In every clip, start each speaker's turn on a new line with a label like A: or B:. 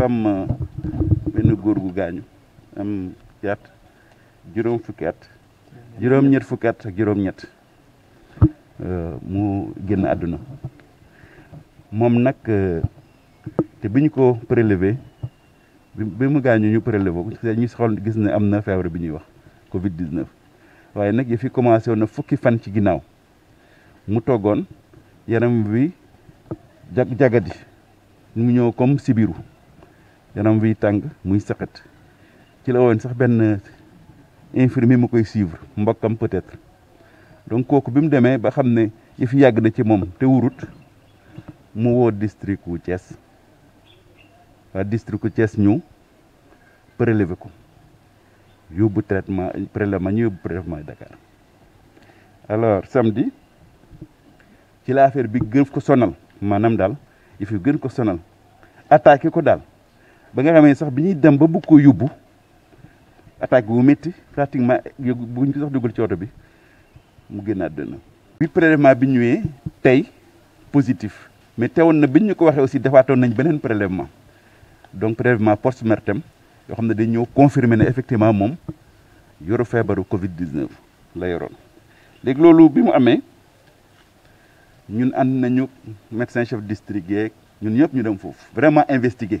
A: dafa am euh, benn góor gu gaañu am yaat juróom fukki at juróom-ñett fukki at ak juróom-ñett euh, mu génn àdduna moom nag euh, te bi ñu ko prélevé bi mu gaañu ñu prélevé ko ñu xool gis ne am na feebar bi ñuy wax Covid 19 waaye nag yëf yi commencé woon na fukki fan ci ginnaaw mu toggoon yaram bi jag jagadi mu ñëw comme sibiru yaram wiy tàng muy saxat ci la woon sax benn infirmier mu koy suivre mbokkam peut-être donc kooku bi mu demee ba xam ne yëf yàgg na ci moom te wurut mu woo district wu Thiès waa district wu Thiès ñu prélever ko yóbbu traitement prélèvement ñu yóbbu prélèvement Dakar alors samedi ci la affaire bi gën ko sonal maanaam daal yi yi gën ko sonal attaqué ko daal. ba nga xamee sax bi ñuy dem ba bu ko yóbbu attaque bu métti pratiquement buñ ko sax dugal ci oto bi mu génn àdduna bi prélèvement bi ñëwee tey positif mais teewoon na biñ ñu ko waxee aussi defaatoon nañ beneen prélèvement donc prélèvement post mortem yoo xam ne dañ ñëw confirmer ne effectivement moom yoru feebaru Covid 19 la yoroon léegi loolu bi mu amee ñun ànd nañu médecin chef district yeeg ñun ñëpp ñu dem foofu vraiment investiguer.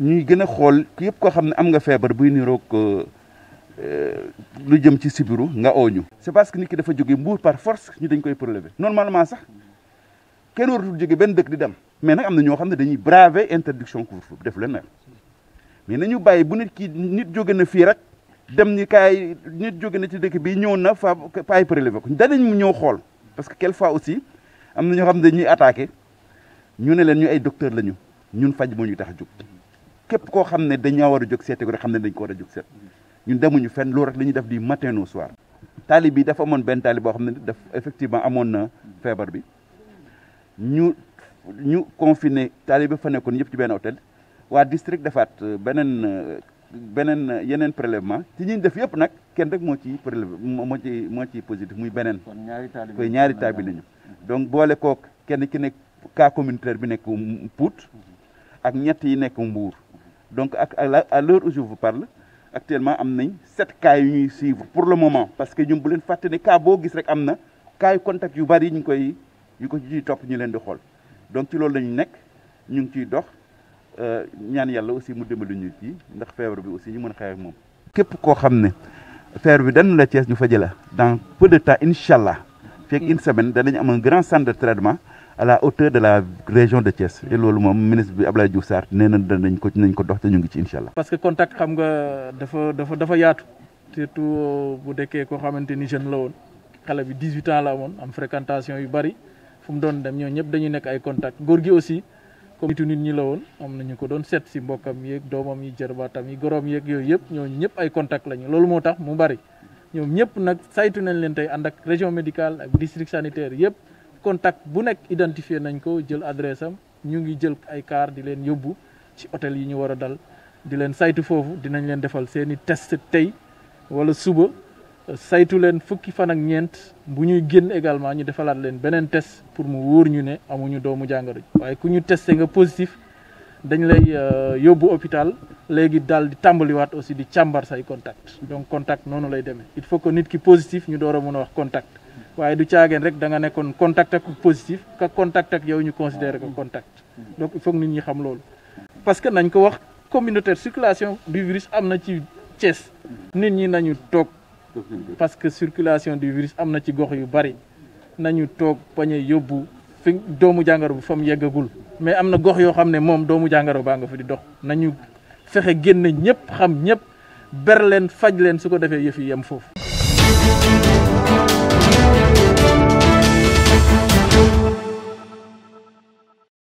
A: ñuy gën a xool yëpp koo xam ne am nga feebar buy niroog euh, euh, lu jëm ci sibiru nga ooñu c'est parce que nit ki dafa jóge mbuur par force ñu dañ koy prélever normalement sax kenn waratul jóge benn dëkk di dem mais nag am na ñoo xam ne dañuy braver interdiction couvre-feu def leen nag mais nañu bàyyi bu nit ki nit jóge na fii rek dem ni kaay nit jóge na ci dëkk bi ñëw na fa paay prélever ko danañ mu ñëw xool parce que fois aussi am na ñoo xam ne dañuy attaqué ñu ne leen ñu ay docteur lañu ñun faj moñu tax juk jóg képp koo xam ne dañoo war a jóg seete ko rek xam ne dañ ko war a jóg seet ñun demuñu fenn loolu rek la def di matin au soir taalib bi dafa amoon benn taalib boo xam ne daf effectivement amoon na feebar bi ñu ñu confiné taalib bi fa nekkoon yëpp ci benn hôtel waa district defaat euh, beneen euh, beneen euh, yeneen prélèvement ci ñuñ def yëpp nag kenn rek moo ci prélevé moo ci moo ci positif muy beneen koy ñaari taalib bi lañu donc boole koo kenn ki nekk cas communautaire bi nekk Pout ak ñett yi nekk Mbour donc ak à l'heure où je vous parle actuellement am nañ sept cas yu ñuy suivre pour le moment parce que ñun bu leen fàtte ne cas boo gis rek am na cas yu contact yu bari ñu ngi koy ñu ko ciy topp ñu leen di xool donc ci loolu lañu nekk ñu ngi ciy dox euh, ñaan yàlla aussi mu dimbali ñu ci ndax feebar bi aussi ñu mën a xeex moom. képp koo xam ne feebar bi dañu la Thiès ñu fa jëla dans peu de temps incha allah. fekk une semaine danañ am un grand centre de traitement. à la de la région de Thiès te loolu moom ministre bi Abdoulaye Diouf Sarr nee na danañ ko nañ ko dox te ñu ngi ci incha allah.
B: parce que contact xam nga dafa dafa dafa yaatu surtout bu dekkee koo xamante ni jeune la woon xale bi 18 ans la amoon am fréquentation yu bari fu mu doon dem ñoo ñëpp dañuy nekk ay contact góor gi aussi comme nitu nit ñi la woon am na ñu ko doon seet si mbokkam yeeg doomam yi jarbaatam yi gorom yeeg yooyu yëpp ñooñu ñëpp ay contact lañu loolu moo tax mu bari ñoom ñëpp nag saytu nañ leen tey ànd ak région médical ak district sanitaire yëpp. contact bu nekk identifier nañ ko jël adresse am ñu ngi jël ay car di leen yóbbu ci hôtel yi ñu war a dal di leen saytu foofu dinañ leen defal seeni test tey wala suba saytu leen fukki fan ak ñeent bu ñuy génn également ñu defalaat leen beneen test pour mu wóor ñu ne amuñu doomu jàngoro waaye ku ñu testé nga positif dañ lay euh, yóbbu hôpital léegi daal di tàmbaliwaat aussi di càmbar say contact donc contact noonu lay demee il faut que nit ki positif ñu door a mën a wax contact waaye du caageen rek da nga nekkoon contact ak positif ka contact ak yow ñu considéré ko contact donc il faut que nit ñi xam loolu parce que nañ ko wax communautaire circulation du virus am na ci Thiès nit ñi nañu toog parce que circulation du virus am na ci gox yu bari nañu toog bañ a yóbbu fi doomu jàngoro bu fa mu yeggagul mais am na gox yoo xam ne moom doomu jàngoro baa nga fi di dox nañu fexe génn ñëpp xam ñëpp ber leen faj leen su ko defee yëf yi yem foofu